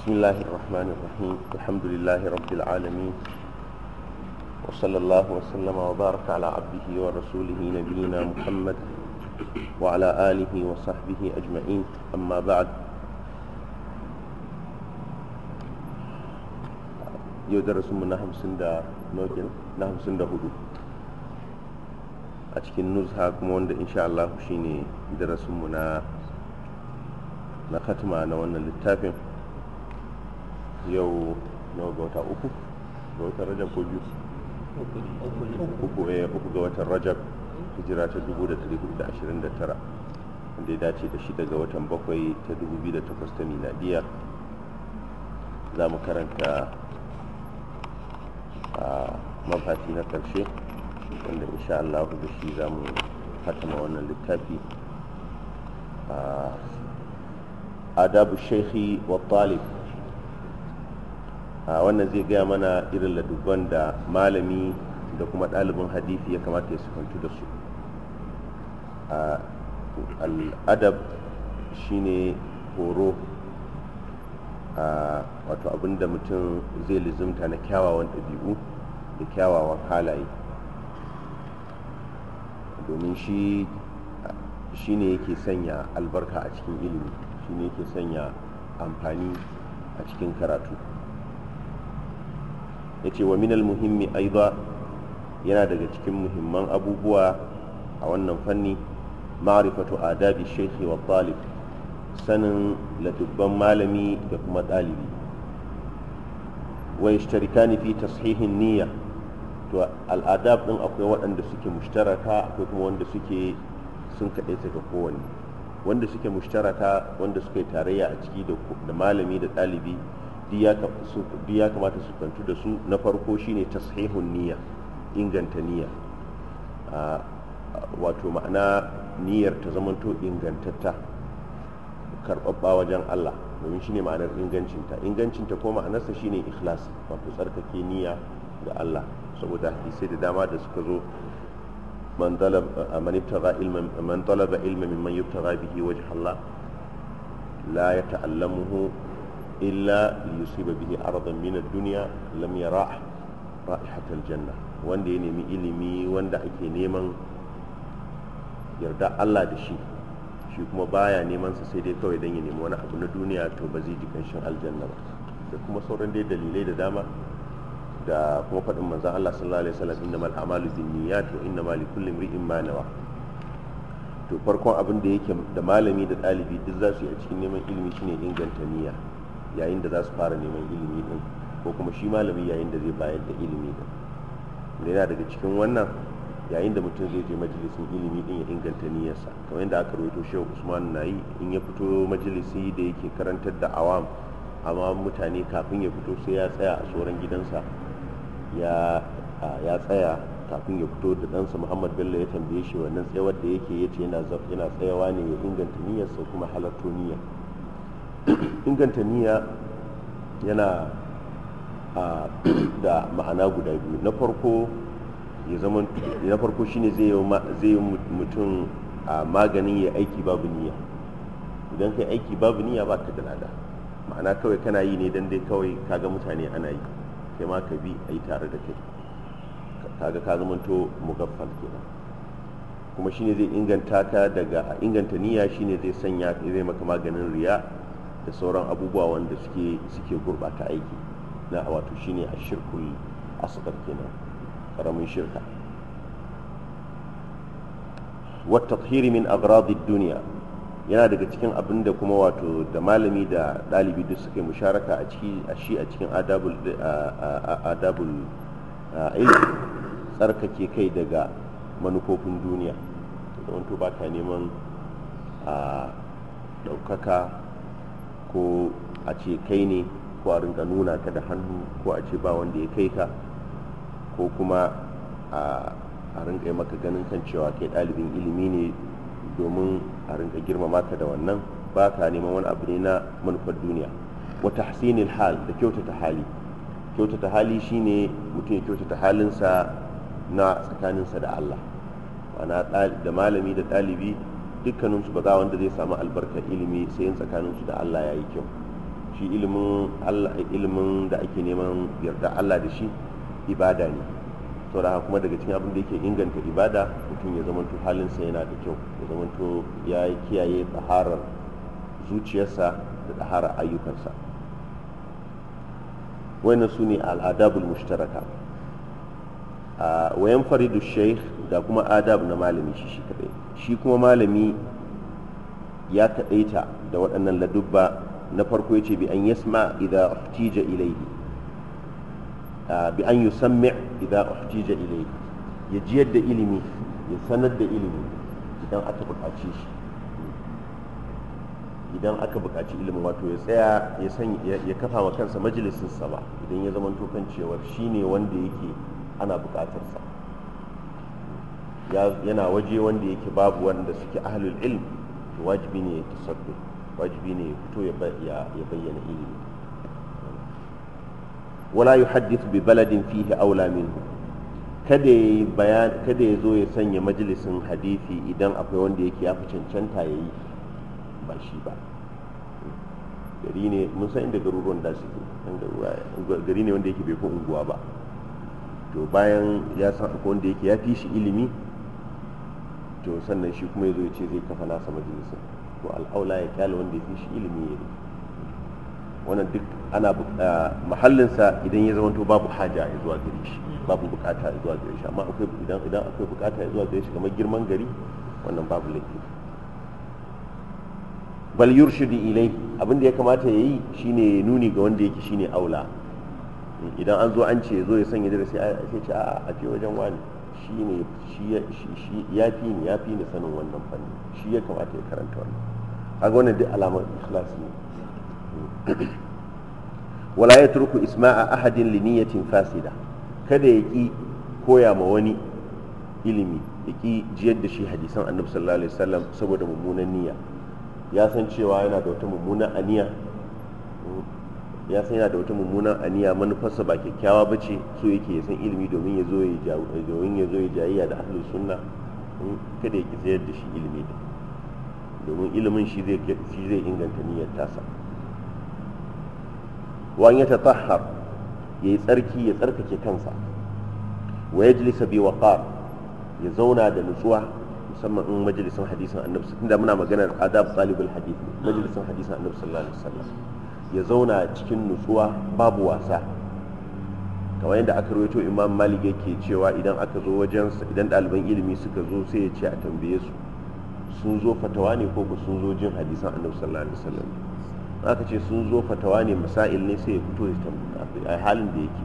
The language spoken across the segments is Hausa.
بسم الله الرحمن الرحيم الحمد لله رب العالمين وصلى الله وسلم وبارك على عبده ورسوله نبينا محمد وعلى آله وصحبه أجمعين أما بعد يدرس من نهم سندا نوجل نهم سندا هدو أتكين نزها كمون إن شاء الله شيني درس منا na khatma na wannan littafin yau nawa ga wata uku ga watan rajab ko biyu uku ne eh, uku ga watan rajab hijira ta 1429 wanda ya dace da shida ga watan bakwai ta 2008 ta miladiya za mu karanta a mafati na karshe wanda insha Allah da shi za mu hatama wannan littafi a adabu shekhi wa talib a wannan zai gaya mana irin ladubban da malami da kuma ɗalibin hadisi ya kamata ya sufantu da su al'adab shine horo a wato abinda mutum zai lizimta na kyawawan ɗabi'u da kyawawan halaye domin shi shi ne yake sanya albarka a cikin ilimi shi ne yake sanya amfani a cikin karatu yace wa minal muhimmi aida yana daga cikin muhimman abubuwa a wannan fanni ma'rifatu adabi shaykhi wa talib sanin latubban malami da kuma ɗalibi wa yashtarikani fi tashihin niyya to al'adab din akwai waɗanda suke mushtaraka akwai kuma wanda suke sun kaɗai daga kowanne wanda suke mushtaraka wanda suke tarayya a ciki da malami da ɗalibi biya ya kamata su kantu da su na farko shine tashihun niyya inganta niyya wato ma'ana niyyar ta zamanto ingantatta karɓaɓɓa wajen Allah domin shine ma'anar ingancinta ingancinta ko ma'anarsa shine ikhlas wato tsarkake niyya ga Allah saboda hadisai da dama da suka zo man talaba a man talaba ilman mimman yubtagha bihi wajh Allah la ya ta'allamuhu illa yusiba bihi aradan min ad-dunya lam yara ra'ihatal janna wanda ya nemi ilimi wanda ake neman yarda Allah da shi shi kuma baya neman sa sai dai kawai dan ya nemi wani abu na duniya to ba zai ji kanshin aljanna ba da kuma sauran dai dalilai da dama da kuma faɗin manzon Allah sallallahu alaihi wasallam innamal a'malu binniyat wa innamal likulli imrin ma nawa to farkon abin da yake da malami da ɗalibi duk zasu su yi a cikin neman ilimi shine inganta niyya yayin da za su fara neman ilimi din ko kuma shi malami yayin da zai bayar da ilimi din yana daga cikin wannan yayin da mutum zai je majalisin ilimi din ya inganta niyyarsa kamar yadda aka rawaito shehu usman na yi in ya fito majalisi da yake karantar da awam amma mutane kafin ya fito sai ya tsaya a tsoron gidansa ya tsaya kafin ya fito da ɗansa muhammad bello ya tambaye shi wannan tsayawar da yake yace yana tsayawa ne ya inganta niyyarsa kuma halatto niyyar inganta niyya yana da ma'ana guda biyu na farko ya zama na farko shine zai yi mutum a maganin ya aiki babu niyya idan kai aiki babu niyya ba ka da lada ma'ana kawai kana yi ne don dai kawai kaga mutane ana yi kai ma ka bi a yi tare da kai kaga ka zamanto mugaffal kenan kuma shine zai inganta ka daga inganta niyya shine zai sanya zai maka maganin riya da sauran abubuwa wanda suke suke gurbata aiki na wato shine a shirkul asghar kenan karamin shirka wata tathhir min aghrad duniya yana daga cikin abin da kuma wato da malami da ɗalibi duk suke musharaka a ciki a shi a cikin adabul adabul ilmi tsarkake kai daga manufofin duniya da wanto ba ka neman a ɗaukaka ko a ce kai ne ko a rinka nuna ka da hannu ko a ce ba wanda ya kai ka ko kuma a rinka yi maka ganin kan cewa kai ɗalibin ilimi ne domin a rinka girmama ka da wannan ba ka neman wani abu ne na manufar duniya wata hasinin hal da kyautata hali kyautata hali shine mutum ya kyautata halinsa na tsakaninsa da allah ma'ana da malami da ɗalibi dukkaninsu ba za wanda zai samu albarkar ilimi sai yin tsakaninsu da Allah ya yi kyau shi ilimin da ake neman yarda Allah da shi ibada ne saboda kuma daga cikin abin da yake inganta ibada mutum ya zamanto halinsa yana da kyau ya zamanto ya kiyaye tsaharar zuciyarsa da tsaharar ayyukansa wannan su ne al'adabul mushtaraka wayan faridu sheikh da kuma adab na malami shi shi kadai shi kuma malami ya kaɗaita da waɗannan ladubba na farko ya ce bi an yasma idan uhtija ilaihi bi an yusammi idan uhtija ilaihi ya jiyar da ilimi ya sanar da ilimi idan aka buƙaci shi idan aka buƙaci ilimin wato ya tsaya ya san ya kafa wa kansa majalisinsa ba idan ya zama tokan cewar shine wanda yake ana buƙatarsa yana waje wanda yake babu wanda suke ahlul ilm to wajibi ne ya tasaddu wajibi ne ya fito ya bayyana ilimi wala yuhaddith bi baladin fihi aula minhu kada ya bayan kada ya zo ya sanya majalisin hadisi idan akwai wanda yake ya fi cancanta ya yi ba shi ba gari ne mun san inda garuruwan da suke gari ne wanda yake bai fi unguwa ba to bayan ya san akwai wanda yake ya fi shi ilimi to sannan shi kuma ya zo ya ce zai kafa nasa majalisa to al'aula ya kyale wanda ya fi shi ilimi ya yi wannan duk ana mahallinsa idan ya zamanto babu haja ya zuwa gare shi babu bukata ya zuwa gare shi amma akwai idan idan akwai bukata ya zuwa gare shi kamar girman gari wannan babu laifi bal yurshidu ilai abin da ya kamata ya yi shine ya nuni ga wanda yake shine aula idan an zo an ce ya zo ya sanya darasi sai ce a a je wajen wani shi ne ya fi ni ya fi ni sanin wannan fanni shi ya kamata ya karanta wannan ga wannan duk alamar ikhlas ne hmm. wala ya turku isma'a ahadin liniyatin fasida kada ya ki koya ma wani ilimi ya ki jiyar da shi hadisan annabi sallallahu alaihi wasallam saboda mummunan niyya ya san cewa yana da wata mummunan aniya ya san yana da wata mummunan aniya manufarsa ba kyakkyawa ba ce so yake ya san ilimi domin ya zo ya domin ya zo ya jayayya da ahlus sunna hmm, kada ya sayar da shi ilimi da domin ilimin shi zai inganta niyyar tasa wani ya ya yi tsarki ya tsarkake kansa wa yajlisa bi waqar ya zauna da nutsuwa musamman in majalisin hadisin annabi tunda muna maganar adab talibul hadith majalisar hadisin annabi sallallahu alaihi wasallam ya zauna cikin nutsuwa babu wasa kamar yadda aka rawaito imam malik yake cewa idan aka zo wajen idan ɗaliban ilimi suka zo sai ya ce a tambaye su sun zo fatawa ne ko sun zo jin hadisan annabi sallallahu alaihi wasallam aka ce sun zo fatawa ne masail ne sai ya fito ya tambaye halin da yake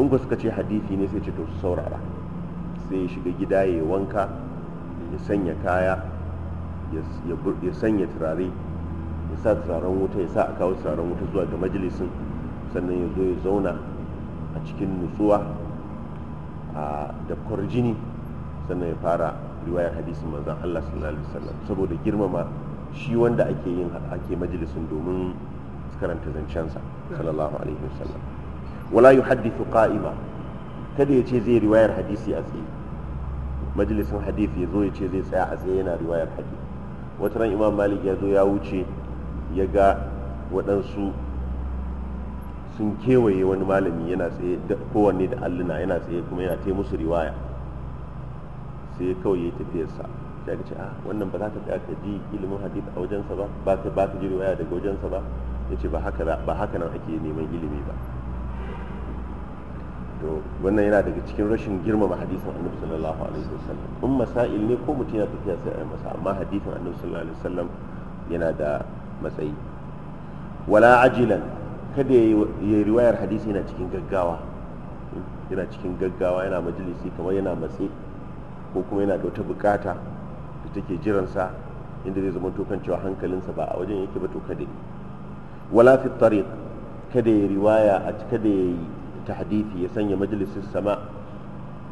in ku suka ce hadisi ne sai ce to su saurara sai ya shiga gida ya wanka ya sanya kaya ya sanya turare ya sa turaren wuta ya sa a kawo turaren wuta zuwa ga majalisin sannan ya zo ya zauna a cikin nutsuwa a dafkar jini sannan ya fara riwayar hadisin manzan Allah sallallahu alaihi wasallam saboda girmama shi wanda ake yin ake majalisin domin karanta zancensa sallallahu alaihi wasallam wala yuhaddithu qa'ima kada ya ce zai riwayar hadisi a tsaye majalisin hadisi ya zo ya ce zai tsaya a tsaye yana riwayar hadisi wata ran imam malik ya zo ya wuce ya ga waɗansu sun kewaye wani malami yana tsaye kowanne da alluna yana tsaye kuma yana taimu musu riwaya sai ya kawai ya yi tafiyarsa ya ga ce a ah, wannan ba za ka tsaya ka ji ilimin hadith a wajensa ba ba ka ba ka ji riwaya daga wajensa ba ya ce ba haka nan ake neman ilimi ba to wannan yana daga cikin rashin girmama hadisin annabi sallallahu alaihi wasallam in masail ne ko mutum ya tafiya sai a masa amma hadisin annabi sallallahu alaihi wasallam yana da matsayi wala ajilan kada ya yi riwayar hadisi yana cikin gaggawa yana cikin gaggawa yana majalisi kamar yana matse ko kuma yana da wata bukata da take jiransa inda zai zama tokan cewa hankalinsa ba a wajen yake ba toka kada wala fi tariq kada ya riwaya a kada ya yi hadithi ya sanya majalisin sama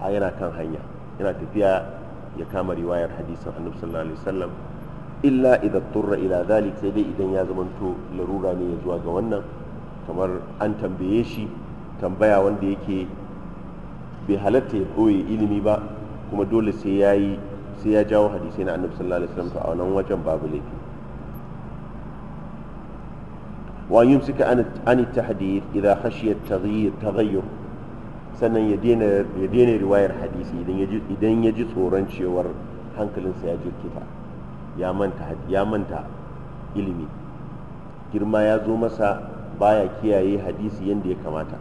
a yana kan hanya yana tafiya ya kama riwayar hadisin annabi sallallahu alaihi wasallam illa idan turra ila zalik sai dai idan ya zamanto larura ne ya zuwa ga wannan kamar an tambaye shi tambaya wanda yake bai halatta ya ɓoye ilimi ba kuma dole sai ya yi sai ya jawo hadisai na annabi sallallahu alaihi wasallam to a wannan wajen babu laifi wa suka ani tahdith idan khashiya taghayyur sannan ya daina ya daina riwayar hadisi idan ya ji tsoron cewar hankalinsa ya jirkita ya manta ya manta ilimi girma ya zo masa baya kiyaye hadisi yadda ya kamata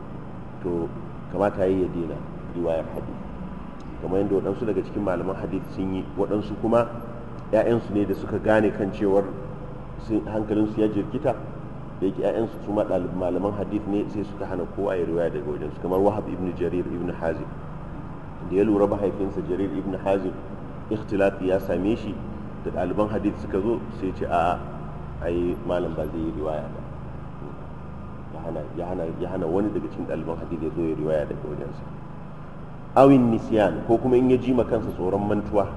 to kamata ya daina riwayar hadisi kamar yadda waɗansu daga cikin malaman hadisi sun yi waɗansu kuma 'ya'yansu ne da suka gane kan cewar hankalinsu ya jirkita da yake 'ya'yansu su ma malaman hadith ne sai suka hana kowa ya riwaya daga wajen su kamar wahab ibn jarir ibn hazim da ya lura mahaifinsa jarir ibn hazim ikhtilafi ya same shi da ɗaliban hadith suka zo sai ce a ai malam ba zai yi riwaya ba ya hana wani daga cikin ɗaliban hadith ya zo ya riwaya daga wajensa awin Nisiyan ko kuma in ya ji ma kansa tsoron mantuwa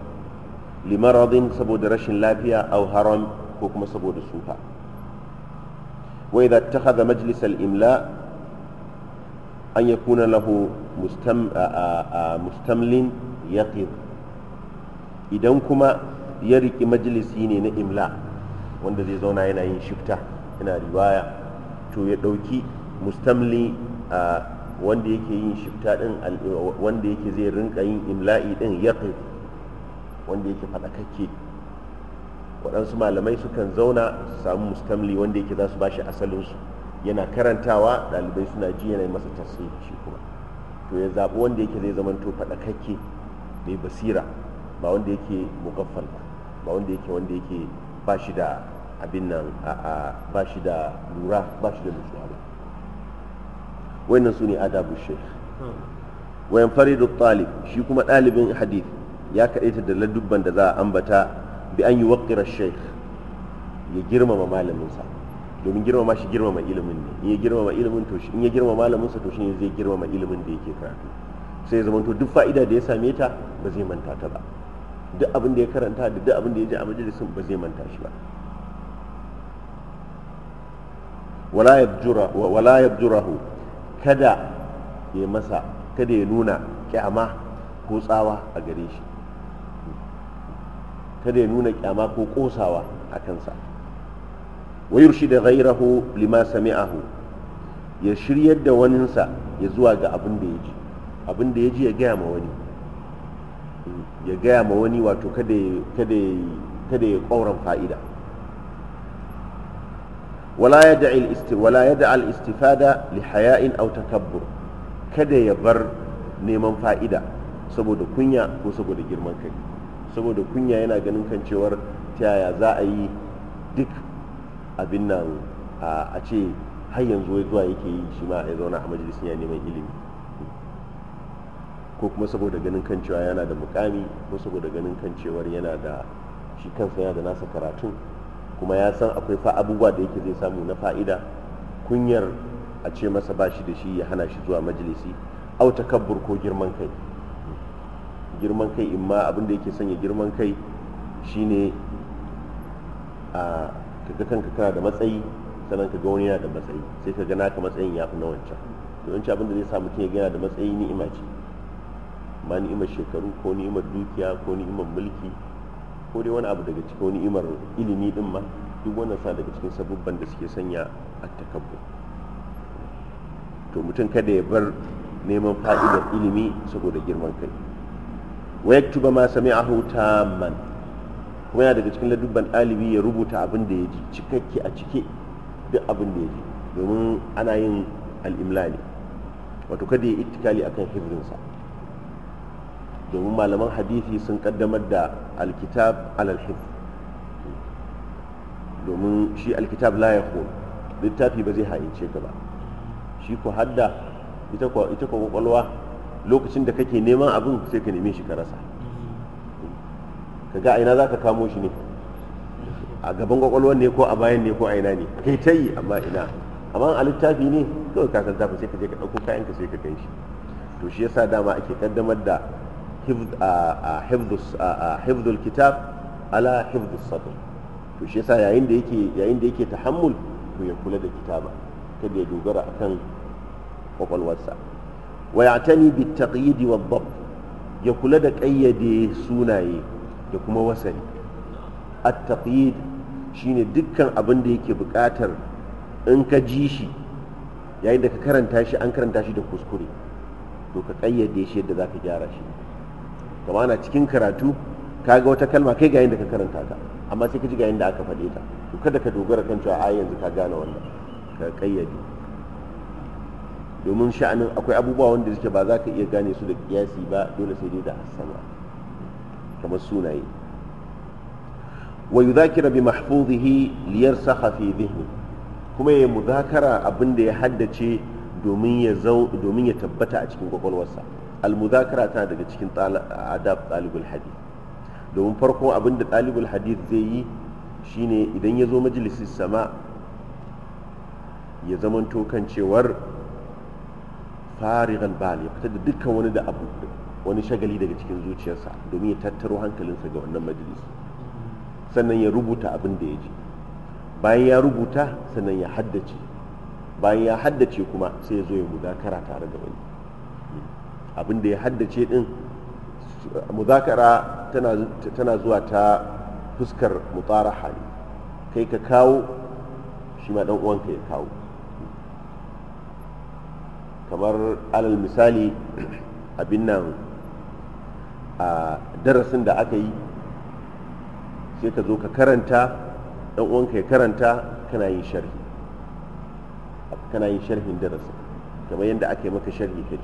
limaradin saboda rashin lafiya au haram ko kuma saboda suka Wai da ta haɗa majalisar imla an kuna lahu mustamlin yaƙin. idan kuma ya riki majalisi ne na imla wanda zai zauna yana yin shifta yana riwaya to ya ɗauki mustamli a wanda yake yin shifta ɗin wanda yake zai rinka yin imla'i ɗin ya wanda yake faɗakakke waɗansu malamai sukan zauna su samu mustamli wanda yake za su ba shi asalinsu yana karantawa ɗalibai suna ji yana masa tasiri shi kuma to ya zaɓi wanda yake zai zamanto faɗakakke mai basira ba wanda yake mukaffal ba ba wanda yake wanda yake ba shi da abin nan a ba shi da lura ba shi da nutsuwa ba wannan su ne adabu sheikh wayan faridu talib shi kuma dalibin hadith ya kaɗaita da ladubban da za a ambata bi an yi waƙirar sheikh ya girmama malaminsa domin girmama shi girmama ilimin ne in ya girmama ilimin to in ya girmama malaminsa to shine zai girmama ilimin da yake karatu sai ya zamanto duk fa'ida da ya same ta ba zai manta ta ba duk abin da ya karanta da duk abin da ya ji a majalisun ba zai manta shi ba wala yabjurahu kada ya masa kada ya nuna kyama ko tsawa a gare shi kada ya nuna kyama ko kosawa a kansa wayar shi da ghairahu lima sami'ahu ya shiryar da waninsa ya zuwa ga abin da ya ji abin da ya ji ya gaya ma wani ya gaya ma wani wato kada ya ƙauran fa'ida wala ya da al'istifada auta autakabbur kada ya bar neman fa'ida saboda kunya ko saboda girman kai saboda kunya yana ganin kan cewar ta yaya za a yi duk abin nan a ce har yanzu zuwa yake yi shi ma ya zauna a majalisun ya neman ilimi ko kuma saboda ganin kan cewa yana da mukami ko saboda ganin kan cewar yana da shi kansa yana da nasa karatun kuma ya san akwai fa abubuwa da yake zai samu na fa'ida kunyar a ce masa ba shi da shi ya hana shi zuwa majalisi au takabbur ko girman kai girman kai imma abin da yake sanya girman kai shine a kaga kanka kana da matsayi sannan kaga wani yana da matsayi sai kaga naka matsayin ya fi na wancan to wancan abin da zai sa mutum ya gana da matsayi ni'ima ce ma ni'imar shekaru ko ni'imar dukiya ko ni'imar mulki ko dai wani abu daga cikin ni'imar ilimi din ma duk wannan sa daga cikin sabubban da suke sanya a takabbur to mutum kada ya bar neman fa'idar ilimi saboda girman kai wa yaktuba ma sami'ahu tamman kuma yana daga cikin ladubban ɗalibi ya rubuta abin da ya ji cikakke a cike duk abin da ya ji domin ana yin al'imla ne wato kada ya yi ittikali akan hibrinsa domin malaman hadisi sun kaddamar da alkitab alalhif domin shi alkitab la ya littafi ba zai haince ka ba shi ku hadda ita kwa kwakwalwa lokacin da kake neman abin sai ka neme shi ka rasa ka ga aina za ka kamo shi ne a gaban kwakwalwar ne ko a bayan ne ko aina ne kai ta yi amma ina amma a littafi ne kawai ka san sai ka je ka ɗauko kayan ka sai ka kai shi to shi yasa dama ake kaddamar da hifdul kitab ala hifdus sadr to yasa yayin da yake yayin tahammul to ya kula da kitaba kada dogara akan kwakwalwarsa wa ya'tani bit taqyid wa dhab ya kula da ƙayyade sunaye da kuma wasali at taqyid shine dukkan abin da yake buƙatar in ka ji shi yayin da ka karanta an karanta shi da kuskure to ka kayyade shi yadda zaka gyara shi kama ana cikin karatu ka ga wata kalma kai ga yadda ka karanta ta amma sai ka ji ga yadda aka faɗe ta to kada ka dogara kan cewa a yanzu ka gane wannan ka kayyade domin sha'anin akwai abubuwa wanda suke ba za ka iya gane su da kiyasi ba dole sai dai da hassana kamar sunaye wa yudhakira bi mahfuzihi liyarsakha fi dhihni kuma ya muzakara abin da ya haddace domin ya tabbata a cikin kwakwalwarsa almuzakara tana daga cikin adab ɗalibul hadith domin farko abin da ɗalibul hadith zai yi shine idan ya zo majalisin sama ya zamanto kan cewar farigan bal ya fitar da dukkan wani da abu wani shagali daga cikin zuciyarsa domin ya tattaro hankalinsa ga wannan majalisi sannan ya rubuta abin da ya ji bayan ya rubuta sannan ya haddace bayan ya haddace kuma sai ya zo ya muzakara tare da wani abin da ya haddace din muzakara tana zuwa ta fuskar mutsara hali kai ka kawo shi ma dan uwanka ya kawo kamar alal misali abin nan a darasin da aka yi sai ka zo ka karanta dan uwanka ya karanta kana yin sharhi kana yin sharhin darasin kamar yadda aka yi maka sharhi kai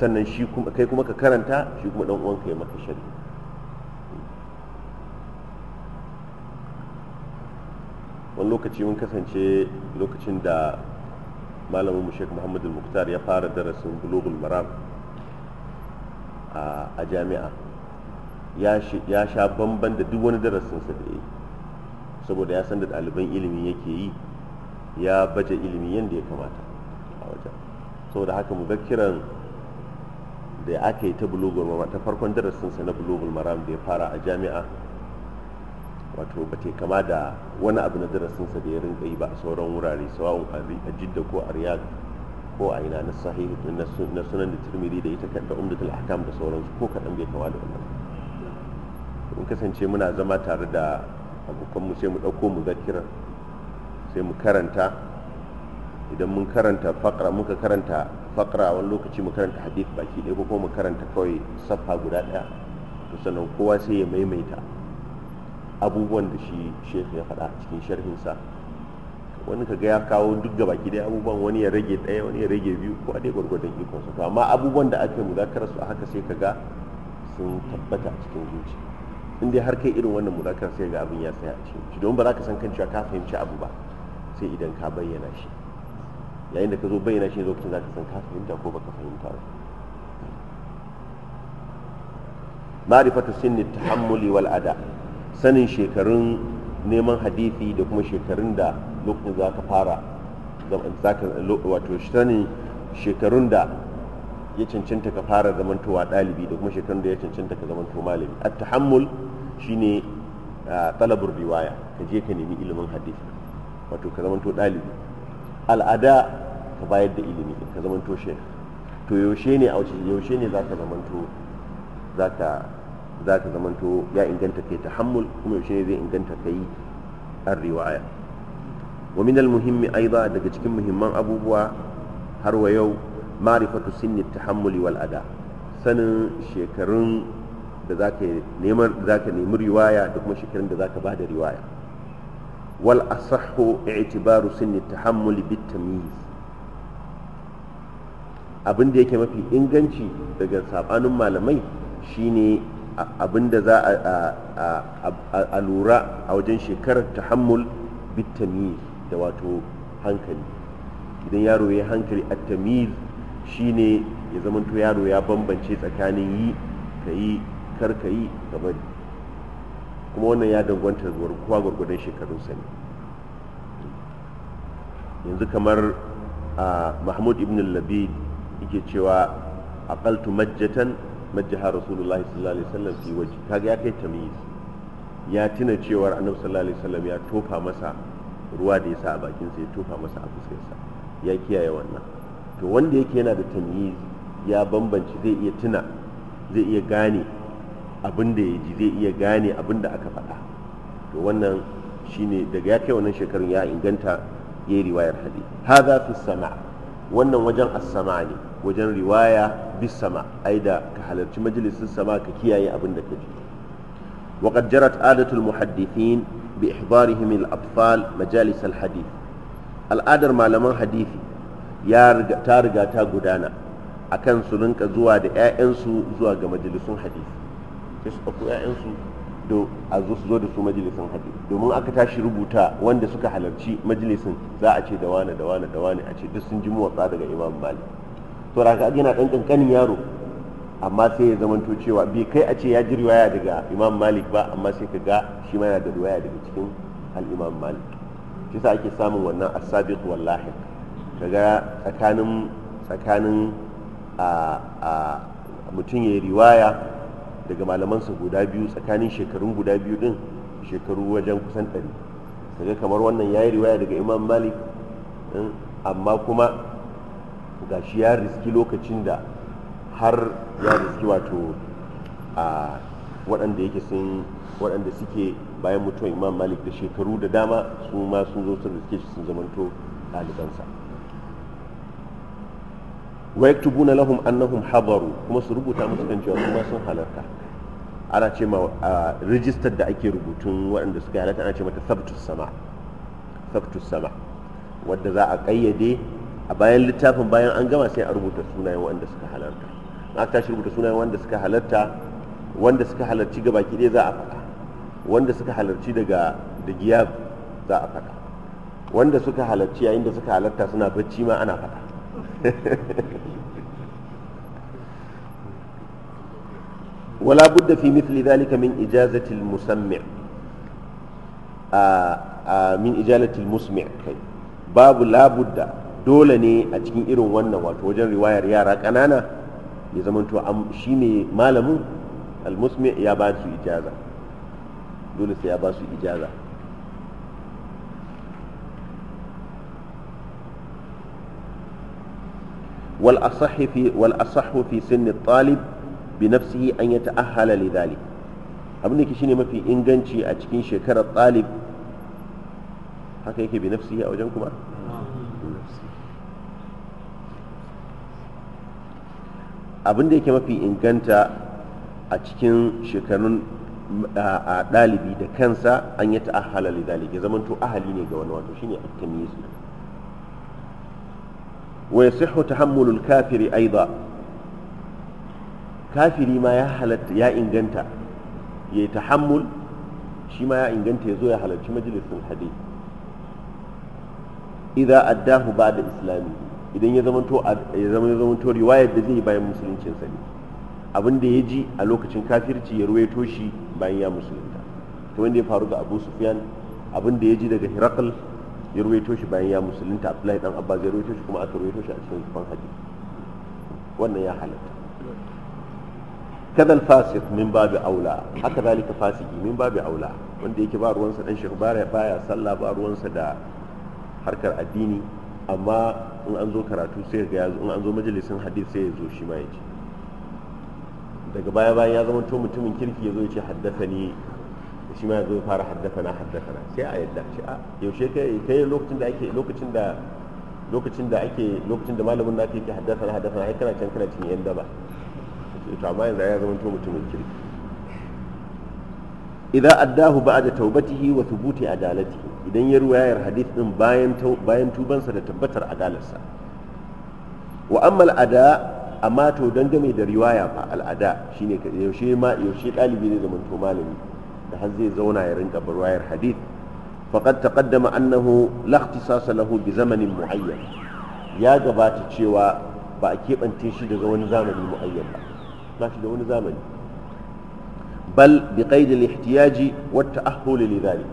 sannan shi kai kuma ka karanta shi kuma dan uwanka ya maka shari wani lokaci mun kasance lokacin da malamin mu Sheikh Muhammad al ya fara darasin global Maram a jami'a ya sha bamban da duk wani darasin sa da yi saboda ya san da ɗaliban ilimi yake yi ya baje ilimi yadda ya kamata a wajen saboda haka mu ga kiran. da aka yi ta bulugul mara ta farkon darasinsa na bulugul maram da ya fara a jami'a wato ba ta kama da wani abu na darasinsa da ya rinka yi ba a sauran wurare sawa'un a jidda ko a riyad ko a ina na sahih na sunan da turmiri da ita kadda da ahkam da sauransu ko kadan bai kama da wannan mun kasance muna zama tare da abokanmu sai mu dauko mu zakira sai mu karanta idan mun karanta fakra muka karanta fakara wani lokaci mu karanta hadith baki ɗaya ko kuma mu karanta kawai safa guda ɗaya to sannan kowa sai ya maimaita abubuwan da shi shekh ya faɗa cikin sharhinsa wani ka ga ya kawo duk ga baki ɗaya abubuwan wani ya rage ɗaya wani ya rage biyu ko dai gwargwadon ikonsa to amma abubuwan da aka yi muzakarar su a haka sai kaga sun tabbata cikin zuci in dai har kai irin wannan muzakarar sai ga abin ya tsaya a cikin shi don ba za ka san kan cewa ka fahimci abu ba sai idan ka bayyana shi yayin da ka zo bayyana shi lokacin za ka san ka fahimta ko baka fahimta ba ma'rifatu sinni tahammuli wal ada sanin shekarun neman hadisi da kuma shekarun da lokacin za ka fara wato sanin shekarun da ya cancanta ka fara zamantowa dalibi da kuma shekarun da ya cancanta ka zamanto malami at tahammul shine ah, talabur riwaya ka je ka nemi ilimin hadisi wato ka zamanto dalibi. al'ada ka bayar da ilimi ka zama to shek to yaushe ne a yaushe ne za ka zama to za ka zama to ya inganta kai ta tahammul kuma yaushe ne zai inganta kai an riwaya wa min al muhimmi aiza daga cikin muhimman abubuwa har wa yau ma'rifatu sinni tahammuli wal ada sanin shekarun da za ka nemi riwaya da kuma shekarun da za ka ba da riwaya wal asahhu i'tibaru sinni tahammuli bit tamyiz abin da yake mafi inganci daga sabanin malamai shine abin da za a lura a wajen shekarar tahammul bit tamyiz da wato hankali idan yaro ya hankali at tamyiz shine ya zamanto yaro ya bambance tsakanin yi ka yi kar ka yi ka bari kuma wannan ya danganta kowa gwargwadon shekarun sani yanzu kamar a mahmud ibn labid yake cewa aqaltu majjatan majjaha rasulullahi sallallahu alaihi wasallam fi waji kaga ya kai tamyiz ya tuna cewar annabi sallallahu alaihi wasallam ya tofa masa ruwa da ya sa a bakinsa ya tofa masa a fuskarsa ya kiyaye wannan to wanda yake yana da tamyiz ya bambanci zai iya tuna zai iya gane abin da ya ji zai iya gane abin da aka faɗa to wannan shine daga ya kai wannan shekarun ya inganta yayi riwayar hadi haza fi sama wannan wajen as-sama ne wajen riwaya bis sama ai da ka halarci majalisun sama ka kiyaye abin da ka ji wa qad jarat adatul muhaddithin bi ihdarihim al-atfal majalis al-hadith al'adar malaman hadithi ya ta riga ta gudana akan su rinka zuwa da 'ya'yansu zuwa ga majalisun hadisi sai su ɗauko 'ya'yansu do a zo su zo da su majalisin haɗe domin aka tashi rubuta wanda suka halarci majalisin za a ce da wane da wane da wane a ce duk sun ji muwatsa daga imam malik to da kaga yana ɗan ƙanƙanin yaro amma sai ya zamanto cewa bai kai a ce ya ji riwaya daga imam malik ba amma sai ka ga shi ma yana da riwaya daga cikin al-imam malik shi sa ake samun wannan asabiq wallahi kaga tsakanin tsakanin a mutum ya riwaya daga malamansa guda biyu tsakanin shekarun guda biyu din shekaru wajen kusan ɗari kaga kamar wannan ya yi riwaya daga imam malik eh, amma kuma ga shi ya riski lokacin da har ya riski wato a waɗanda yake sun waɗanda suke bayan mutuwar imam malik da shekaru da dama su ma sun zo sun riske shi sun zamanto ɗalibansa wa yaktubuna lahum annahum hadaru kuma su rubuta musu kan cewa su ma sun halarta ana ce ma a rijistar da ake rubutun waɗanda suka halatta ana ce mata sabtus sama sabtus sama wadda za a ƙayyade a bayan littafin bayan an gama sai a rubuta sunayen waɗanda suka halarta aka tashi rubuta sunayen wanda suka halarta wanda suka halarci gaba ɗaya za a faɗa wanda suka halarci daga da giyab za a faɗa wanda suka halarci yayin da suka halarta suna bacci ma ana faɗa ولا بد في مثل ذلك من إجازة المسمع آه، آه، من إجازة المسمع باب لا بد دولني أتكين إرون وانا واتوجن رواية ريارة كانانا يزمن تو أم شيمي مالمو المسمع يابات سو إجازة دول سيابات سو إجازة والأصح في والأصح في سن الطالب bi nafsihi an ya ta'ahala li da ke shine mafi inganci a abin da yake mafi inganta a cikin shekarun ɗalibi da kansa an yi ta'ahala li dhalik ya zamanto ahali ne ga wani wato shine at-tamyiz wa ta tahammulul kafiri aiza. kafiri ma ya halatta ya inganta ya yi tahammul shi ma ya inganta ya zo ya halarci majalisun hade idan addahu ba da islami idan ya zamanto ya zama ya zamanto riwayar da zai bayan musuluncinsa ne abin da ya ji a lokacin kafirci ya ruwaito shi bayan ya musulunta ta wanda ya faru ga abu sufyan abin da ya ji daga hirakal ya ruwaito shi bayan ya musulunta abdullahi dan abbas ya ruwaito shi kuma aka ruwaito shi a cikin kufan hadisi wannan ya halatta kada alfasik min babu aula haka zalika fasiki min babu aula wanda yake ba ruwansa dan shi baya baya sallah ba ruwansa da harkar addini amma in an zo karatu sai ga yazo in an zo majalisin hadith sai ya zo shi ma ya ce daga baya bayan ya zama to mutumin kirki ya zo ya ce haddathani shi ma ya zo ya fara haddathana haddathana sai a yadda ce a yaushe kai kai lokacin da ake lokacin da lokacin da ake lokacin da malamin naka yake haddathana haddathana kai kana can kana cikin yan daba to amma yanzu ya zama to mutumin kirki idan addahu da taubatihi wa thubuti adalatihi idan ya ruwayar hadith din bayan bayan tubansa da tabbatar adalarsa wa amma al'ada amma to dangane da riwaya fa al'ada shine yaushe ma yaushe dalibi ne zaman to malami da har zai zauna ya rinka barwayar hadith faqad taqaddama annahu la ikhtisasa lahu bi zamanin muayyan ya gabata cewa ba a keɓance shi daga wani zamani muayyan ba bashi da wani zamani bal bi qaid al ihtiyaji wa ta'ahhul li dhalik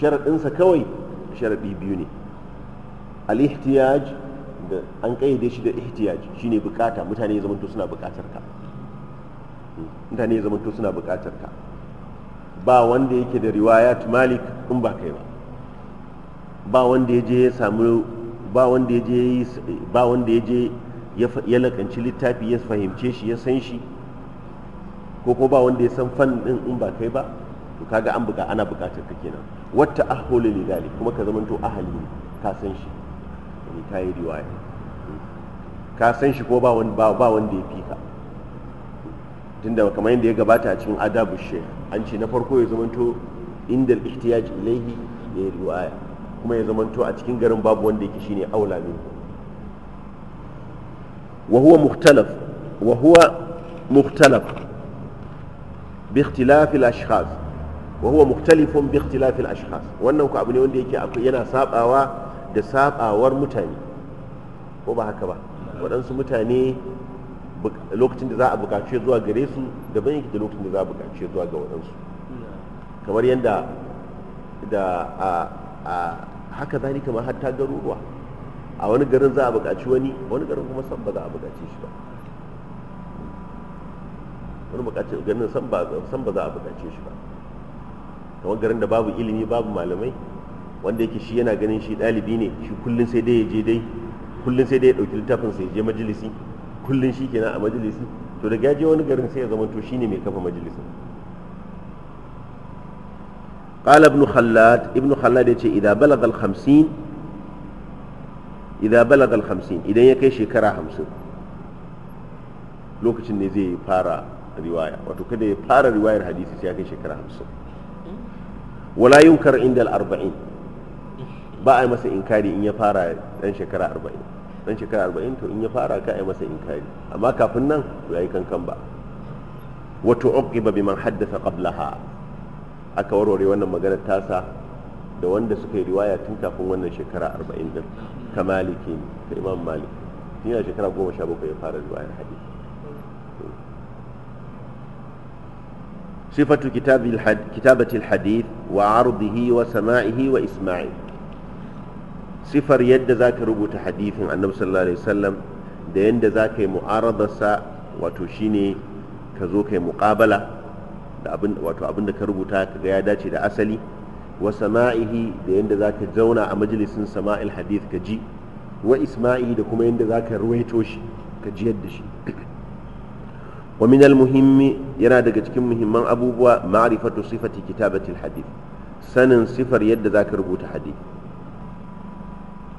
sharadin sa kawai sharadi biyu ne al ihtiyaj da an ka'ide shi da ihtiyaj shine bukata mutane ya zamanto suna bukatar ka mutane ya zamanto suna bukatar ka ba wanda yake da riwayat malik in ba kai ba ba wanda ya je ya samu ba wanda ya je ya lakanci littafi ya fahimce shi ya san shi ko ko ba wanda ya san fan din in ba kai ba to kaga an buga ana bukatar ka kenan wata ahuli li dalik kuma ka zamanto ahali ne ka san shi ne ka yi riwaya ka san shi ko ba wanda ba wanda ya fika tunda kamar yadda ya gabata a cikin adabu shekh an ce na farko ya zamanto inda ihtiyaj ilaihi ya riwaya kuma ya zamanto a cikin garin babu wanda yake shine aula minku wa huwa mukhtalaf wa huwa mukhtalaf bi ikhtilaf al ashkhas wa huwa mukhtalifun bi ikhtilaf al ashkhas wannan ku abu ne wanda yake yana sabawa da sabawar mutane ko ba haka ba waɗansu mutane lokacin da za a buƙace zuwa gare su da yake da lokacin da za a buƙace zuwa ga waɗansu kamar yadda da a haka zalika ma hatta garuruwa a wani garin za a buƙaci wani wani garin kuma san ba za a buƙace shi ba wani buƙaci garin san ba za a buƙace shi ba kamar garin da babu ilimi babu malamai wanda yake shi yana ganin shi ɗalibi ne shi kullum sai dai ya je dai kullum sai dai ya ɗauki littafin sai ya je majalisi kullum shi kenan a majalisi to da ya je wani garin sai ya zama to shine mai kafa majalisin قال ابن خلاد ابن خلاد يقول إذا بلغ الخمسين idza balaga al hamsin idan ya kai shekara hamsin lokacin ne zai fara riwaya wato kada ya fara riwayar hadisi sai ya kai shekara hamsin wala yunkar inda al-40 ba a yi masa inkari in ya fara dan shekara arba'in dan shekara arba'in to in ya fara ka a yi masa inkari amma kafin nan to yi kankan ba wato uqiba biman haddasa qablaha aka warware wannan maganar tasa da wanda suka yi riwaya tun kafin wannan shekara arba'in din ka maliki ka imam malik tun yana shekara goma sha bakwai ya fara riwayar hadisi صفة كتاب كتابة الحديث وعرضه وسماعه وإسماعه صفر يد ذاك ربوت حديث عن النبي صلى الله عليه وسلم da yadda za ka yi sa wato shine kazo zo ka yi wato abin da ka rubuta ka ya dace da asali wa sama'ihi da yadda za ka zauna a majalisin sama'il hadith ka ji wa isma'ihi da kuma yadda za ka ruwaito shi ka ji yadda shi wa min muhimmi yana daga cikin muhimman abubuwa ma'rifatu sifati kitabatil hadith sanin sifar yadda za ka rubuta hadith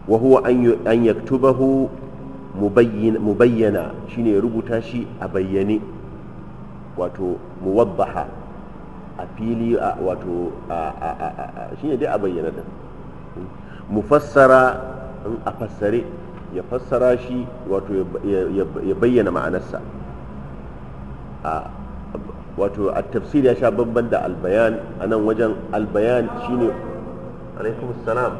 wa huwa an yaktubahu mubayyana shine rubuta shi a bayyane wato muwaddaha a fili wato a a a shi ne dai a bayyana din mufassara in a fassare ya fassara shi wato ya bayyana ma'anarsa wato a tafsir ya sha bamban da albayan a nan wajen albayan shine alaikum salam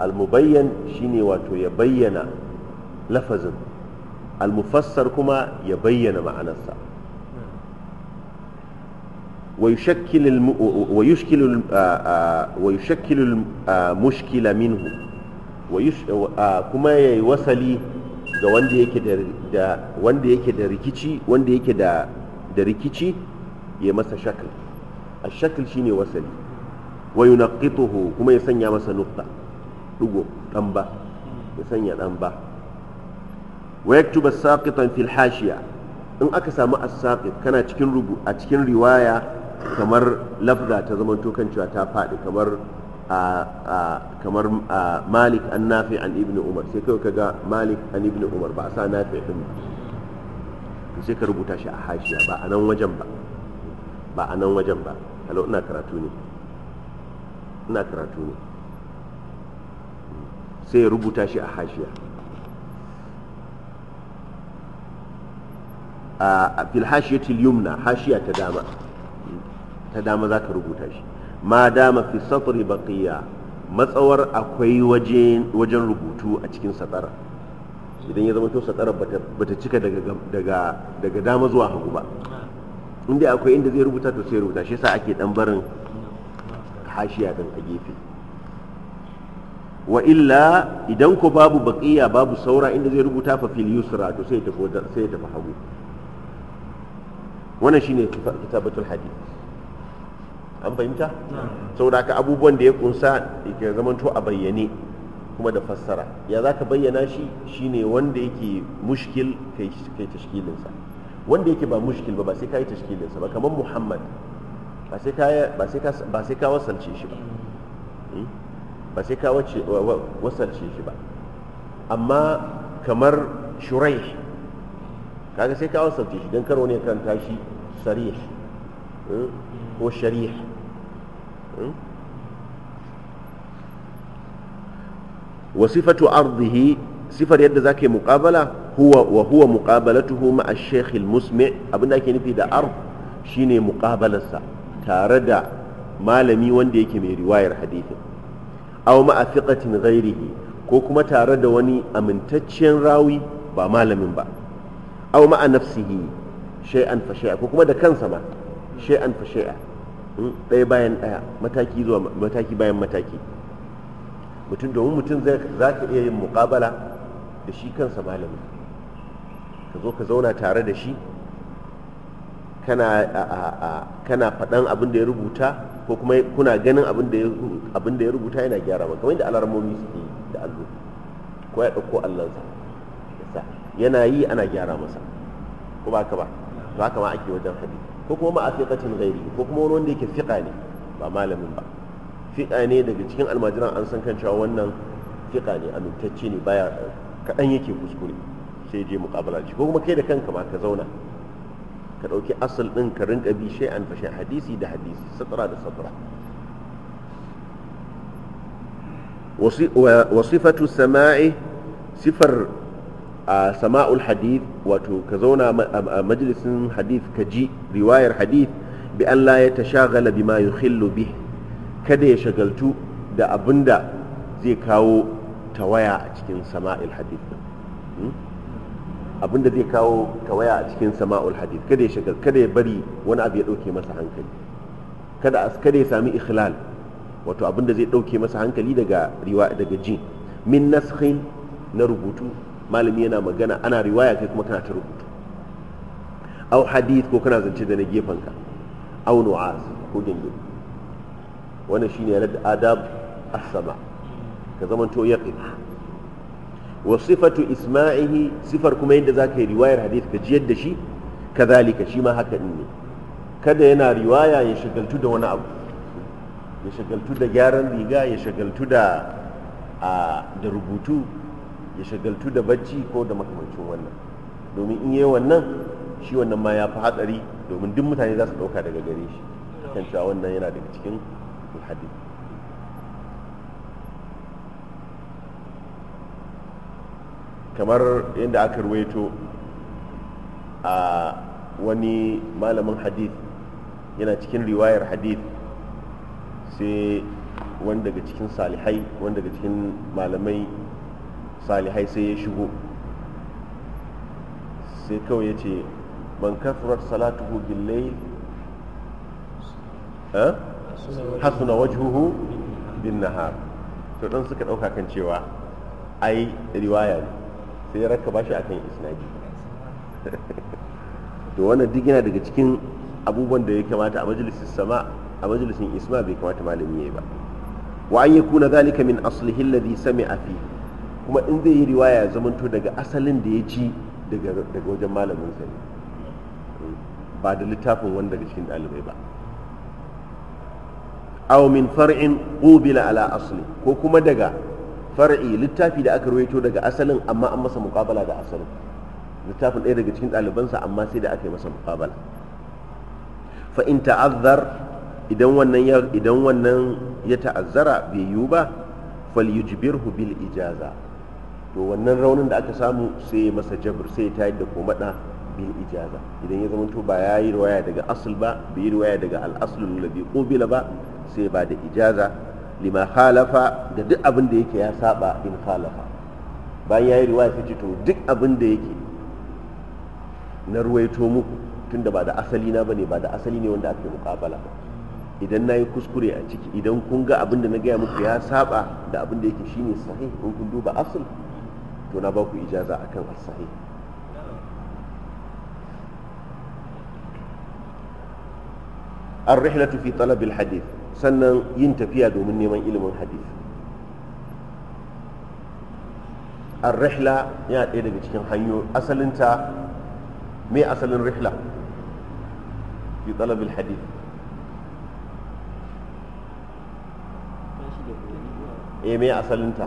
almubayyan ne wato ya bayyana lafazin almufassar kuma ya bayyana ma'anarsa ويشكل الم... ويشكل الم... ويشكل المشكله منه ويش... كما يوصلي ga wanda yake da wanda yake da rikici wanda yake da da rikici ya masa shakl ashakl shine wasali wa yunqituhu kuma ya sanya masa nukta dugo dan ba ya sanya dan ba wa yaktuba saqitan fil hashiya in aka samu as-saqit kana a cikin riwaya kamar lafza ta zama kan cewa ta faɗi kamar kamar malik an nafi an ibn umar sai kawai kaga malik an ibn umar ba a sa nafi din ba sai ka rubuta shi a hashiya ba a nan wajen ba ba a nan wajen ba halo ina karatu ne ina karatu ne sai ya rubuta shi a hashiya a filhashiyar tilyumna hashiya ta dama ta dama za ka rubuta shi ma dama fi satri baqiya matsawar akwai wajen rubutu a cikin satara idan ya zama to satara bata cika daga dama zuwa hagu ba inda akwai inda zai rubuta to sai rubuta shi sa ake dan barin hashiya din a gefe wa illa idan ko babu baqiya babu saura inda zai rubuta fa fil yusra to sai ya tafi hagu wannan shine kitabatul hadith an fahimta saboda ka abubuwan da ya kunsa ya to a bayyane kuma da fassara ya za ka bayyana shi shine wanda yake mushkil kai tashkilinsa wanda yake ba mushkil ba ba sai ka yi tashkilinsa ba kamar muhammad ba sai ka wasalce shi ba ba sai ka wasalce shi ba amma kamar shurai kaga sai ka wasalce shi don karo ne kan tashi sarih hmm? ko shari'a Hmm? wa sifatu ardihi sifar yadda za ka yi muƙabala huwa wa huwa muƙabalatuhu ma al shaykh al-musmi' abinda ake nufi da ard shine muƙabalarsa tare da malami wanda yake mai riwayar hadisin aw ma athiqatin ghairihi ko kuma tare da wani amintaccen rawi ba malamin ba aw ma nafsihi shay'an fa shay'a ko kuma da kansa ma shay'an fa shay'a ɗaya bayan ɗaya mataki zuwa mataki bayan mataki mutum domin mutum za ka iya yin muƙabala da shi kansa malami ka zo ka zauna tare da shi kana faɗan abin da ya rubuta ko kuma kuna ganin abin da ya rubuta yana gyara ba kamar yadda alarmomi suke da allo ko ya ɗauko allonsa yana yi ana gyara masa ko ba ka ba ba ka ma ake wajen hadisi ko kuma ma'a thiqatin ghairi ko kuma wani wanda yake thiqa ne ba malamin ba thiqa ne daga cikin almajiran an san kan cewa wannan thiqa ne amintacce ne baya kadan yake kuskure sai je muqabala shi ko kuma kai da kanka ma ka zauna ka dauki asal din ka rinka bi shay'an fa shay hadisi da hadisi satra da satra وصفة السماع صفر a sama'ul hadith wato ka zauna a majalisin hadith ka ji riwayar hadith bi an la ya tashagala bima yukhillu bih kada ya shagaltu da abinda zai kawo tawaya a cikin sama'ul hadith hmm? abinda zai kawo tawaya a cikin sama'ul hadith kada ya shagal kada ya bari wani abu ya dauke masa hankali kada kada ya sami ikhlal wato abinda zai dauke masa hankali daga riwa daga jin min naskhin na rubutu malami yana magana ana riwaya kai kuma kana ta rubutu au hadith ko kana zance da na ka au nu'as ko genge wannan shine yana da adab as-sama ka zamanto yaqin wa sifatu isma'ihi sifar kuma yadda zaka yi riwayar hadith ka jiyar da shi kadhalika shi ma haka ne kada yana riwaya ya shagaltu da wani abu ya shagaltu da gyaran riga ya shagaltu da da rubutu ya shagaltu da bacci ko da makamancin wannan domin in yi wannan shi wannan ma ya fi hatsari domin duk mutane za su ɗauka daga gare shi kan cewa wannan yana daga cikin alhadi kamar yadda aka ruwaito a wani malamin hadith yana cikin riwayar hadith sai wani daga cikin salihai wani daga cikin malamai salihai sai ya shigo sai kawai ya ce man kafurar salatuhu billai hasuna wajhuhu bin nahar to dan suka dauka kan cewa ai riwaya ne sai ya raka bashi akan isnadi to wannan duk yana daga cikin abubuwan da ya kamata a majalisin sama a majalisin isma bai kamata malami ya yi ba wa an yakuna zalika min aslihi alladhi sami'a fihi kuma in zai yi riwaya ya zamanto daga asalin da ya ji daga wajen malamin sa ne ba da littafin wanda daga cikin ɗalibai ba aw min far'in qubila ala asli ko kuma daga far'i littafi da aka rawaito daga asalin amma an masa muqabala da asalin littafin ɗaya daga cikin ɗalibansa amma sai da aka yi masa muqabala fa in ta'azzar idan wannan ya idan wannan ya ta'azzara bai yiwu ba yujbirhu bil ijaza to wannan raunin da aka samu sai ya masa jabir sai ya tayar da komada bil ijaza idan ya zamanto ba ya yi riwaya daga asl ba bai yi riwaya daga al-aslul ladhi qubila ba sai ba da ijaza lima khalafa da duk abin da yake ya saba in khalafa bayan ya yi riwaya sai to duk abin da yake na ruwaito muku tunda ba da asali na bane ba da asali ne wanda ake mukabala ba idan na yi kuskure a ciki idan kun ga abin da na gaya muku ya saba da abin da yake shine sahih in kun duba asl to na baku ijaza akan asahi ar-rihlatu fi talab al-hadith sannan yin tafiya domin neman ilimin hadith ar-rihla yana ɗaya daga cikin hanyo asalinta mai asalin rihla fi talab al-hadith eh mai asalinta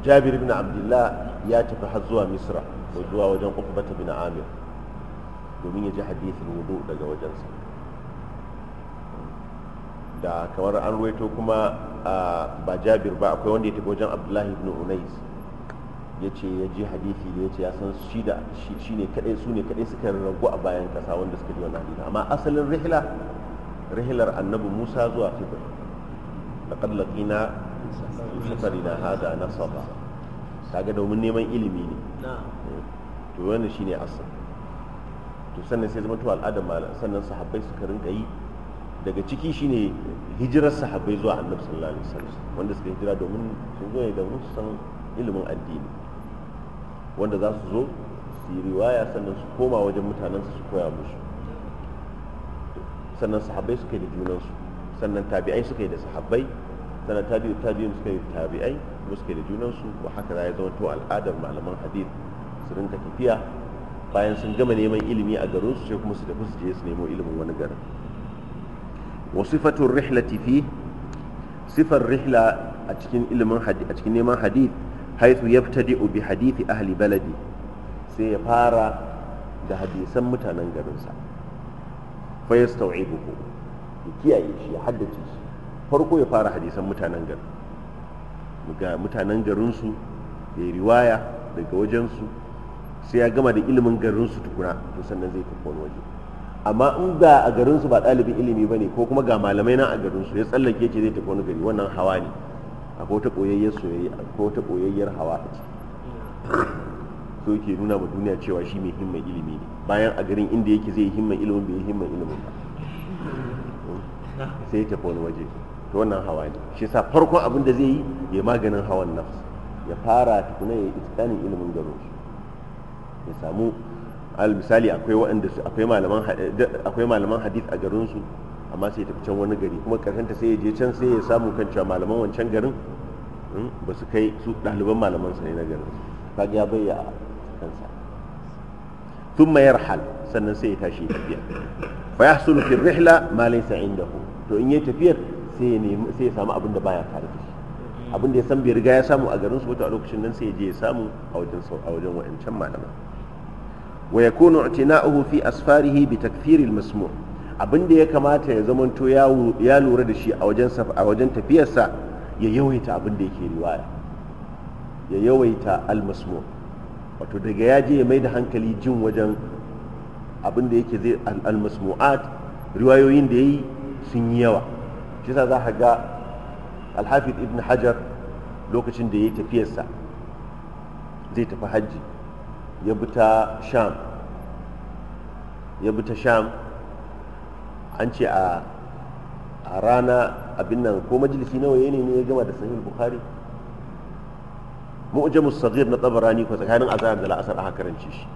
jabir bin abdullah ya tafi har zuwa misra ko zuwa wajen ukbata bin amir domin ya ji hadithin wudu daga wajensa da kamar an ruwaito kuma ba jabir ba akwai wanda ya tafi wajen abdullahi bin unais ya ce ya ji hadithi da ya ce ya san shi da shi ne kadai su ne kadai suka ragu a bayan kasa wanda suka ji wannan hadithi amma asalin rihla rihilar annabi musa zuwa kibir laqad laqina safarina hada safa kaga domin neman ilimi ne eh, to shi shine asa to sannan sai zama to al'adar malam sannan sahabbai suka rinka yi daga ciki shine hijirar sahabbai zuwa annabi sallallahu alaihi wasallam wanda suka hijira domin sun zo ne domin su san ilimin addini wanda za su zo su yi riwaya sannan su koma wajen mutanen su koya musu sannan sahabbai suka yi da junansu sannan tabi'ai suka yi da sahabbai sana tabi'u tabi'in suka yi tabi'ai muske da junansu wa haka za ya zama to al'adar malaman hadith su rinka tafiya bayan sun gama neman ilimi a garin su sai kuma su tafi su je su nemo ilimin wani garin wa sifatul rihlati fi sifar rihla a cikin ilimin a cikin neman hadith haythu yabtadi'u bi hadithi ahli baladi sai ya fara da hadisan mutanen garin garinsa fa yastau'ibuhu ya kiyaye shi ya haddace shi farko ya fara hadisan mutanen garin ga mutanen garinsu ya riwaya daga wajensu sai ya gama da ilimin garinsu tukuna to sannan zai tafi wani waje amma in ga a garinsu ba ɗalibin ilimi ba ne ko kuma ga malamai na a garinsu ya tsallake ce zai tafi wani gari wannan hawa ne akwai wata koyayyar soyayya ko wata koyayyar hawa a ciki so yake nuna ma duniya cewa shi mai himman ilimi ne bayan a garin inda yake zai yi himman ilimin bai yi himman ilimin ba sai ya tafi wani waje to wannan hawa ne shi yasa farkon abin da zai yi ya maganin hawan nafs ya fara tukuna ya itikanin ilimin garo ya samu al misali akwai waɗanda su eh, akwai malaman hadith a garin su amma sai ya tafi can wani gari kuma karshenta sai ya je can sai ya samu kan cewa malaman wancan garin hmm, ba su kai su ɗaliban malaman sa ne na garin kaga ya bayyana kansa ثم يرحل sannan sai ya tashi ya tafiya fa yahsulu fi rihla ma laysa indahu to in yi tafiyar sai ya samu abin da baya tare da shi abin da ya san bai riga ya samu a garin su ba a lokacin nan sai ya je ya samu a wajen a wajen wa'ancan malama wa yakunu i'tina'uhu fi asfarihi bi takthiri al-masmu' abin da ya kamata ya zamanto ya lura da shi a wajen a wajen tafiyarsa ya yawaita abin da yake riwaya ya yawaita al-masmu' wato daga ya je ya mai da hankali jin wajen abin da yake zai al-masmu'at riwayoyin da yayi sun yi yawa shi za ka ga alhafiz ibn hajar lokacin da ya yi tafiyarsa zai tafi hajji ya bi ta sham ya bi ta sham an ce a rana abin nan ko majalisi nawa ya ne ya gama da sahih bukhari mu'jamus saghir na tabarani ko tsakanin azhar da la'asar aka karance shi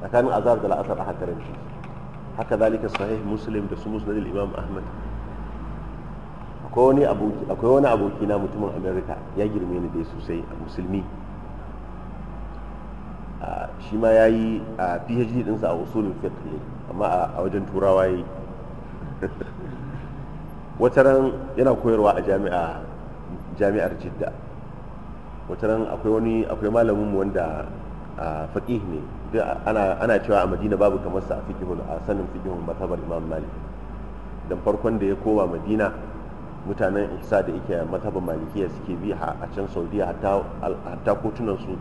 tsakanin azhar da la'asar aka karance shi haka zalika sahih muslim da su musnad imam ahmad akwai wani aboki akwai wani aboki na mutumin america ya girme ni dai sosai a musulmi shi ma ya yi a phd dinsa a usulin fiqh ne amma a wajen turawa yi ran yana koyarwa a jami'a jami'ar jidda ran akwai wani akwai malamin mu wanda faqih ne ana cewa a madina babu kamar sa a a sanin fiqhul matabar imam malik dan farkon da ya koma madina mutanen isa da yake matabar malikiya suke bi a can saudiya hatta hatta kotunan su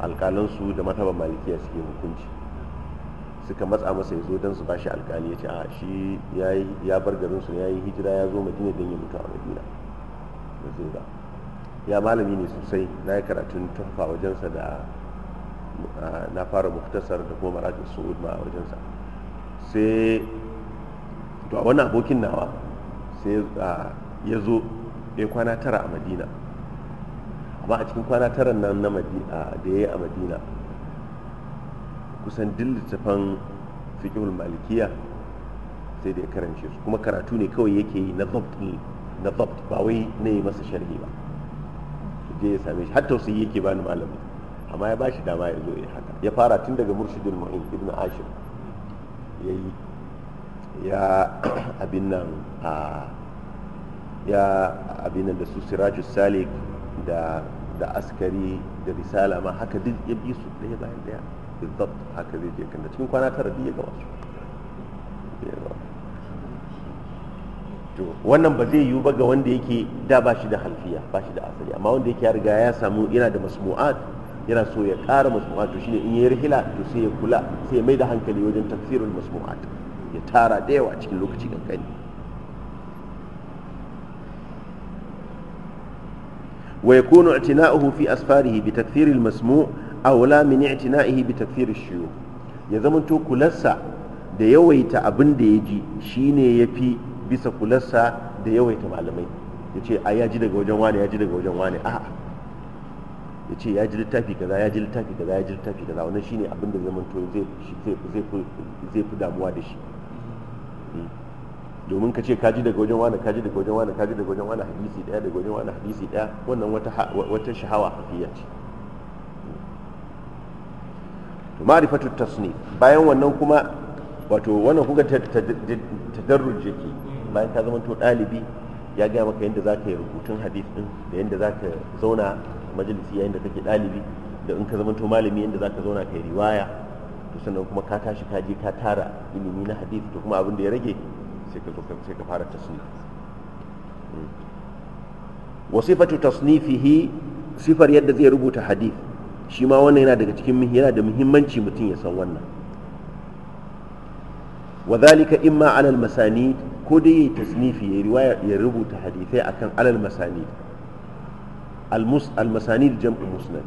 alƙalan su da matabar malikiya suke hukunci suka matsa masa ya zo don su bashi alkali ya ce a shi ya bar garin su ya yi hijira ya zo madina don ya mutu a madina ya malami ne sosai na yi karatun tafa wajensa da na fara muktasar da kuma maratun su'ud ma a wajensa sai to a wannan abokin nawa sai ya zo ya kwana tara a madina amma a cikin kwana tara nan na da ya yi a madina kusan duk tafan fiƙihul malikiya sai da ya karance su kuma karatu ne kawai yake yi na zabt ba wai na yi masa sharhi ba je ya same shi hatta tausayi yake bani malami amma ya bashi dama ya zo ya haka ya fara tun daga murshidin mu'in ibn ashir ya yi ya abin nan a ya abin nan da su siraju salik da da askari da risala ma haka duk ya bi su ɗaya bayan ɗaya bizzat haka zai je kan da cikin kwana tara biyu ga wasu wannan ba zai yiwu ba ga wanda yake da ba shi da halfiya ba shi da asali amma wanda yake ya riga ya samu yana da masmu'at yana so ya ƙara masmu'at to shine in yi rihila to sai ya kula sai ya mai da hankali wajen tafsirin masmu'at ya tara da yawa cikin lokaci kankani wa yakunu i'tina'uhu fi asfarihi bi takthiril masmu' awla min i'tina'ihi bi tafsirin shuyu ya zamanto kulassa da yawaita abin da ya ji shine yafi bisa kulassa da yawaita malamai yace ai ya ji daga wajen wani ya ji daga wajen wani a'a ya ce ya ji littafi kaza ya ji littafi kaza ya ji littafi kaza wannan shine abin da zaman to zai fi damuwa da shi hmm. domin ka ce ka ji daga wajen wani ka ji daga wajen wani ka ji daga wajen wani hadisi daya daga wajen wani hadisi daya wannan wata shahawa hafiya ce to hmm. ma'rifatu tasnif bayan wannan kuma wato wannan kuka tadarruj yake hmm. bayan ka zama to dalibi ya gaya maka yadda za ka yi rubutun hadith din da yadda za ka zauna majalisi yayin da kake ɗalibi da in ka zamanto malami yadda za ka zauna kai riwaya to sannan kuma ka tashi ka je ka tara ilimi na hadith to kuma abin da ya rage sai ka zo sai ka fara tasnif hmm. wa sifatu tasnifihi sifar yadda zai rubuta hadith shi ma wannan yana daga cikin yana da muhimmanci mutum ya san wannan wa zalika imma alal masani ko dai yayi tasnifi ya riwaya ya rubuta hadithai akan alal masani al-masanid jam'u musnad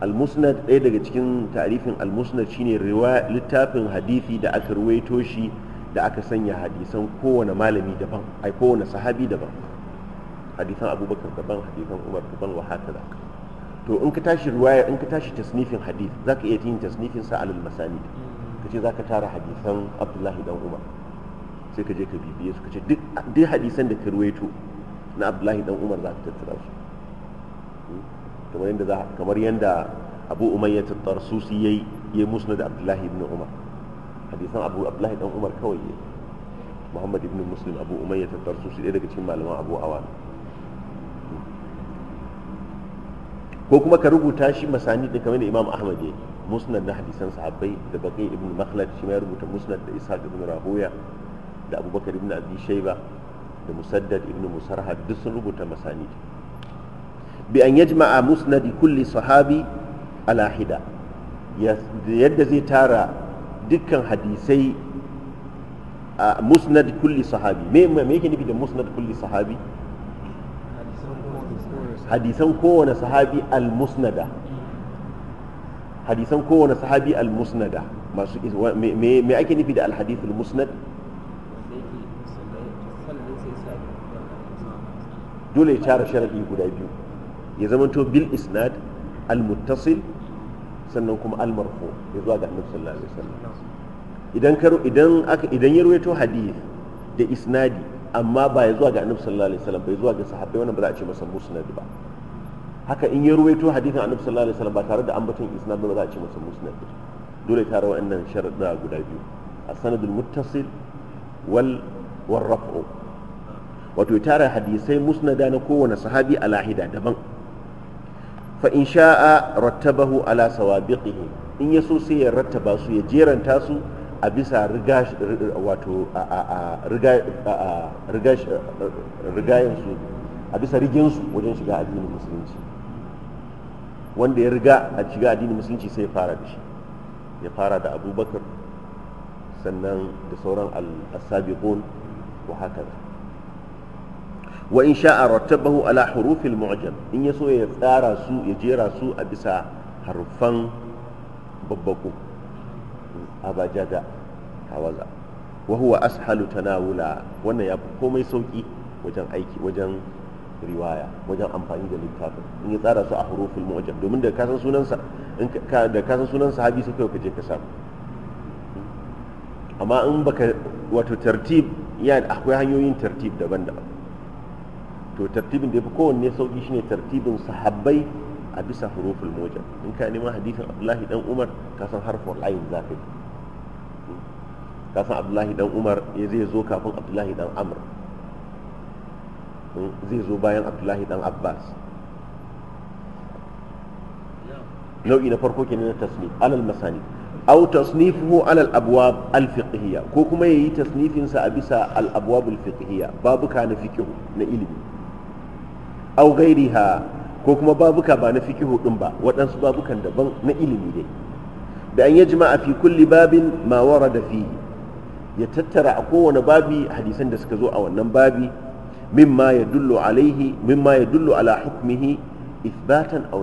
almusnad musnad ɗaya daga cikin tarifin almusnad musnad shine littafin hadisi da aka ruwaito shi da aka sanya hadisan kowane malami daban ai kowane sahabi daban hadisan abubakar daban hadisan umar daban wa haka da to in ka tashi ruwaya in ka tashi tasnifin hadith zaka iya yin tasnifin sa alal masanid za ka tara hadisan abdullahi dan umar sai ka je ka bibiye su ka ce duk hadisan da ka ruwaito na abdullahi dan umar za zaka tattara su kamar yadda za kamar yadda Abu Umayyah tarsusi yayi ya musnad abdullahi ibn Umar hadisan Abu abdullahi dan Umar kawai yayi Muhammad ibn Muslim Abu Umayyah tarsusi ɗaya daga cikin malaman Abu Awan ko kuma ka rubuta shi masani da kamar da Imam Ahmad yayi musnad na hadisan sahabbai da Baqi ibn Makhlad shi ma ya rubuta musnad da isa ibn Rahoya da Abubakar ibn Abi Shayba da Musaddad ibn Musarhad duk sun rubuta masani bi an a musnadi kulli sahabi ala hida yadda zai tara dukkan hadisai a musnadi kulli sahabi me me yake nufi da musnad kulli sahabi hadisan kowane sahabi al-musnada hadisan kowane sahabi al-musnada masu me ake nufi da al-hadith al-musnad dole ya tara sharadi guda biyu ya zamanto bil isnad al muttasil sannan kuma al marfu ya zuwa ga annabi sallallahu alaihi wasallam idan karo idan aka idan ya ruwaito hadisi da isnadi amma ba ya zuwa ga annabi sallallahu alaihi wasallam bai zuwa ga sahabbai wannan ba za a ce masa musnad ba haka in ya ruwaito hadisin annabi sallallahu alaihi wasallam ba tare da ambaton isnad ba za a ce masa musnad ba dole tare wa'annan sharuɗa guda biyu as-sanadul muttasil wal wal raf'u wato tara hadisai musnada na kowane sahabi a lahida daban fa in sha'a rattabahu ala sawabiqihim in ya so sai ya rattaba su ya jeranta su a bisa riga wato rigayensu a bisa rigensu wajen shiga addinin musulunci wanda ya riga a shiga addinin musulunci sai ya fara da shi ya fara da abubakar sannan da sauran al-sabiqun wa haka wa in sha'a rattabahu ala hurufil mu'jam in ya so ya tsara su ya jera su a bisa harufan babbaku abajada hawaza wa huwa ashalu tanawula wannan ya fi komai sauki wajen aiki wajen riwaya wajen amfani da littafin in ya tsara su a huruful mu'jam domin da kasan sunansa in ka da kasan sunan sahabi sai kai ka je ka samu amma in baka wato tartib ya akwai hanyoyin tartib daban-daban to tartibin da ya fi kowanne sauƙi shine tartibin sahabbai a bisa huruful mujam in ka neman hadisin abdullahi dan umar ka san harful ayin zafi ka san abdullahi dan umar ya eh, zai zo kafin abdullahi dan amr hmm, zai zo bayan abdullahi dan abbas nau'i na farko kenan na tasnif alal masani aw tasnifuhu alal abwab al fiqhiyya ko kuma yayi tasnifin sa a bisa al abwab al fiqhiyya babuka na fiqh na ilimi aw ghairiha ko kuma babuka ba na kihu din ba waɗansu babukan daban na ilimi dai da an yajma a fi kulli babin ma warada fihi ya tattara a kowane babi hadisan da suka zo a wannan babi mimma ya dullo alaihi mimma ya dullo ala hukmihi isbatan aw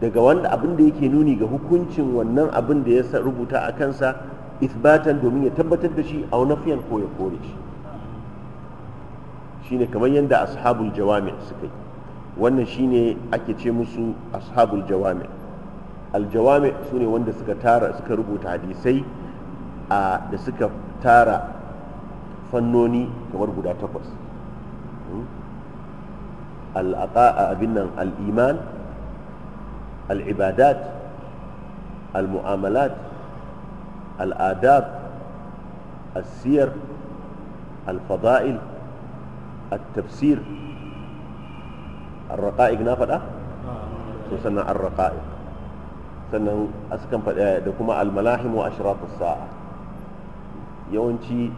daga wanda abin da yake nuni ga hukuncin wannan abin da ya rubuta a kansa isbatan domin ya tabbatar da shi aw nafiyan ko ya kore shi shine kamar yadda ashabul jawami suka yi wannan shine ake ce musu ashabul jawami aljawami su ne wanda suka tara suka rubuta hadisai a da suka tara fannoni kamar guda takwas al'aqa abin nan al'iman al'ibadat al-mu'amalat al'adab السير الفضائل التفسير الرقائق نافدا سنة الرقائق faɗa da kuma almalahim wa ashratu sa'a yawanci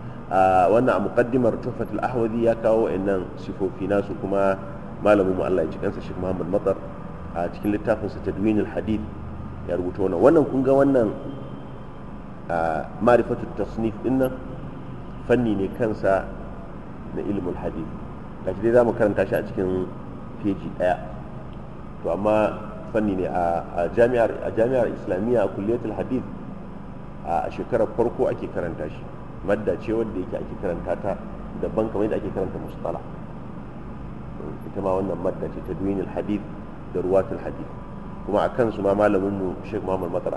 wannan a muqaddimar tuhfatul ahwadi ya kawo wa'annan sifofi nasu kuma malamin mu Allah ya Muhammad Matar a cikin littafinsa sa Tadwinul Hadith ya rubuta wannan wannan kun ga wannan ma'rifatut tasnif dinnan fanni ne kansa na ilmul hadith gashi dai za mu karanta shi a cikin feji ɗaya to amma fanni ne a jami'ar islamiyya a kulliyatul hadith a shekarar farko ake karanta shi madda ce wadda yake ake karanta ta daban kamar yadda ake karanta mustala ita ma wannan madda ce ta duyin hadith da ruwatul hadith kuma a kansu ma malamin mu Sheikh Muhammad Matar